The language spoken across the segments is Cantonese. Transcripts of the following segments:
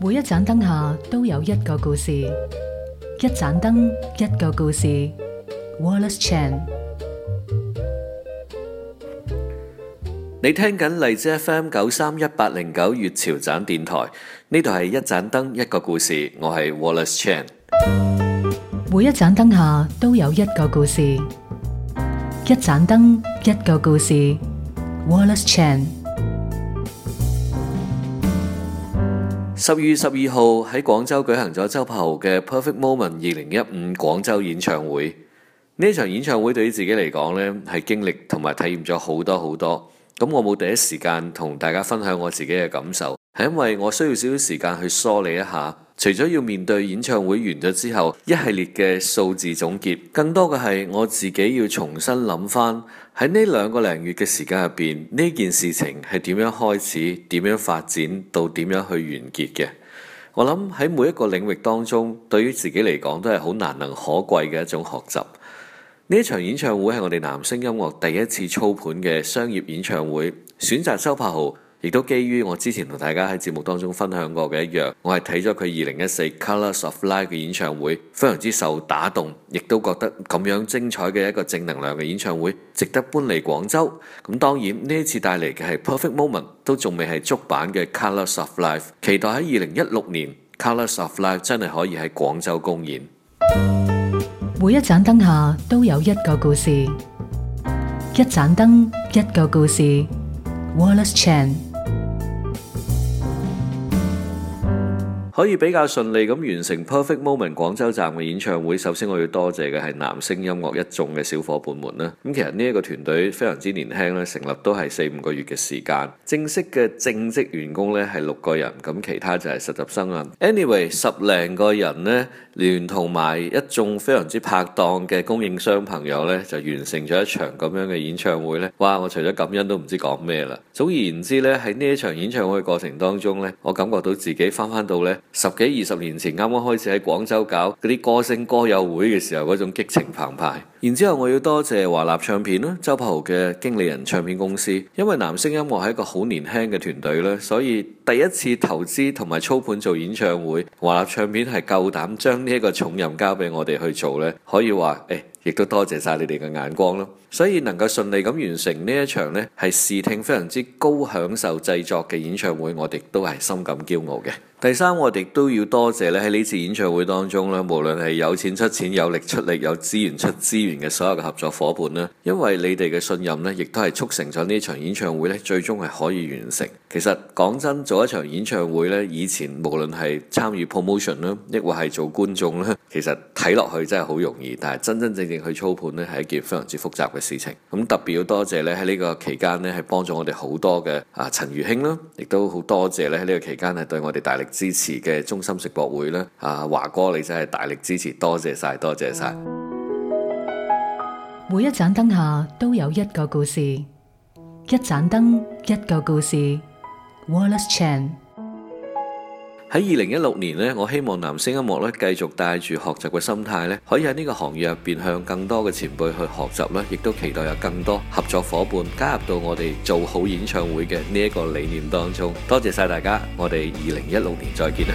每一盞燈下都有一個故事，一盞燈一個故事。Wallace Chan，你聽緊荔枝 FM 九三一八零九粵潮站電台，呢度係一盞燈一個故事，我係 Wallace Chan。每一盞燈下都有一個故事，一盞燈一個故事。Wallace Chan。十二月十二號喺廣州舉行咗周柏豪嘅 Perfect Moment 二零一五廣州演唱會。呢場演唱會對於自己嚟講呢，係經歷同埋體驗咗好多好多。咁我冇第一時間同大家分享我自己嘅感受，係因為我需要少少時間去梳理一下。除咗要面對演唱會完咗之後一系列嘅數字總結，更多嘅係我自己要重新諗翻。喺呢兩個零月嘅時間入邊，呢件事情係點樣開始、點樣發展到點樣去完結嘅？我諗喺每一個領域當中，對於自己嚟講都係好難能可貴嘅一種學習。呢場演唱會係我哋男聲音樂第一次操盤嘅商業演唱會，選擇周柏豪。亦都基於我之前同大家喺節目當中分享過嘅一樣，我係睇咗佢二零一四 Colors of Life 嘅演唱會，非常之受打動，亦都覺得咁樣精彩嘅一個正能量嘅演唱會，值得搬嚟廣州。咁當然呢一次帶嚟嘅係 Perfect Moment，都仲未係足版嘅 Colors of Life，期待喺二零一六年 Colors of Life 真係可以喺廣州公演。每一盞燈下都有一個故事，一盞燈一個故事。Wallace Chan。可以比較順利咁完成 Perfect Moment 廣州站嘅演唱會。首先我要多謝嘅係南星音樂一眾嘅小伙伴們啦。咁其實呢一個團隊非常之年輕咧，成立都係四五個月嘅時間。正式嘅正職員工咧係六個人，咁其他就係實習生啦。Anyway，十零個人呢，聯同埋一眾非常之拍檔嘅供應商朋友呢，就完成咗一場咁樣嘅演唱會呢哇！我除咗感恩都唔知講咩啦。總而言之呢，喺呢一場演唱會嘅過程當中呢，我感覺到自己翻返到呢。十幾二十年前啱啱開始喺廣州搞嗰啲歌星歌友會嘅時候，嗰種激情澎湃。然之後，我要多謝華納唱片咯，周柏豪嘅經理人唱片公司。因為男聲音樂係一個好年輕嘅團隊咧，所以第一次投資同埋操盤做演唱會，華納唱片係夠膽將呢一個重任交俾我哋去做呢。可以話，誒、哎，亦都多謝晒你哋嘅眼光咯。所以能夠順利咁完成呢一場呢，係視聽非常之高享受製作嘅演唱會，我哋都係深感驕傲嘅。第三，我哋都要多謝咧喺呢次演唱會當中咧，無論係有錢出錢、有力出力、有資源出資源嘅所有嘅合作夥伴咧，因為你哋嘅信任咧，亦都係促成咗呢場演唱會咧最終係可以完成。其實講真，做一場演唱會咧，以前無論係參與 promotion 啦，亦或係做觀眾啦，其實睇落去真係好容易，但係真真正正去操盤咧係一件非常之複雜嘅事情。咁特別要多謝咧喺呢個期間咧，係幫助我哋好多嘅啊陳如卿啦，亦都好多謝咧喺呢個期間係對我哋大力。支持嘅中心食博會啦，阿華哥你真係大力支持，多謝晒，多謝晒。每一盞燈下都有一個故事，一盞燈一個故事。Wallace Chan。喺二零一六年呢，我希望男星音樂咧繼續帶住學習嘅心態咧，可以喺呢個行業入邊向更多嘅前輩去學習咧，亦都期待有更多合作伙伴加入到我哋做好演唱會嘅呢一個理念當中。多謝晒大家，我哋二零一六年再見啦！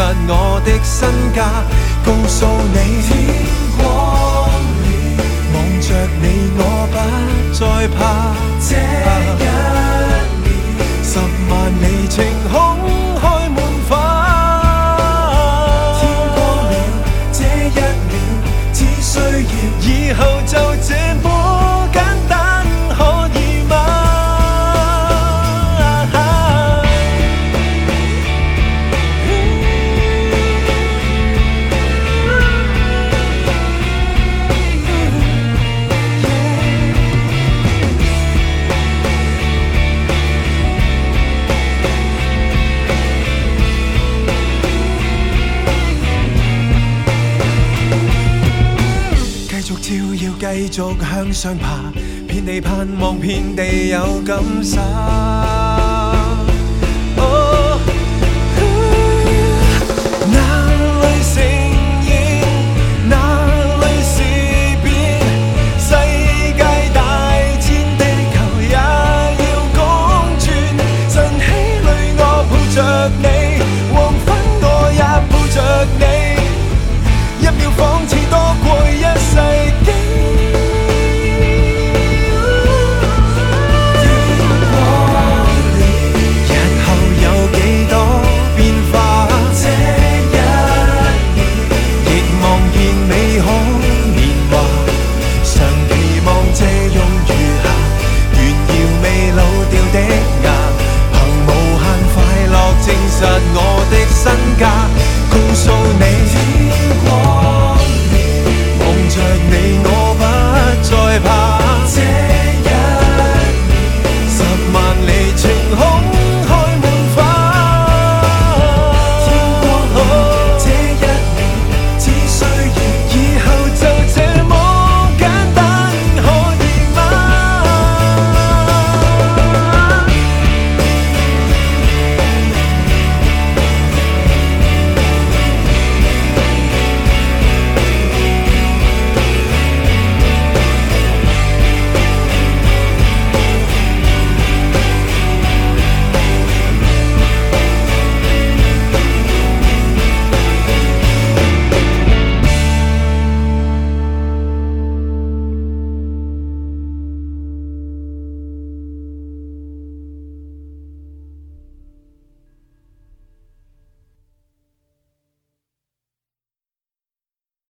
但我的身家告訴你，天光了，望着你我不再怕。這一秒，十萬里晴空。繼續向上爬，遍地盼望，遍地有感受。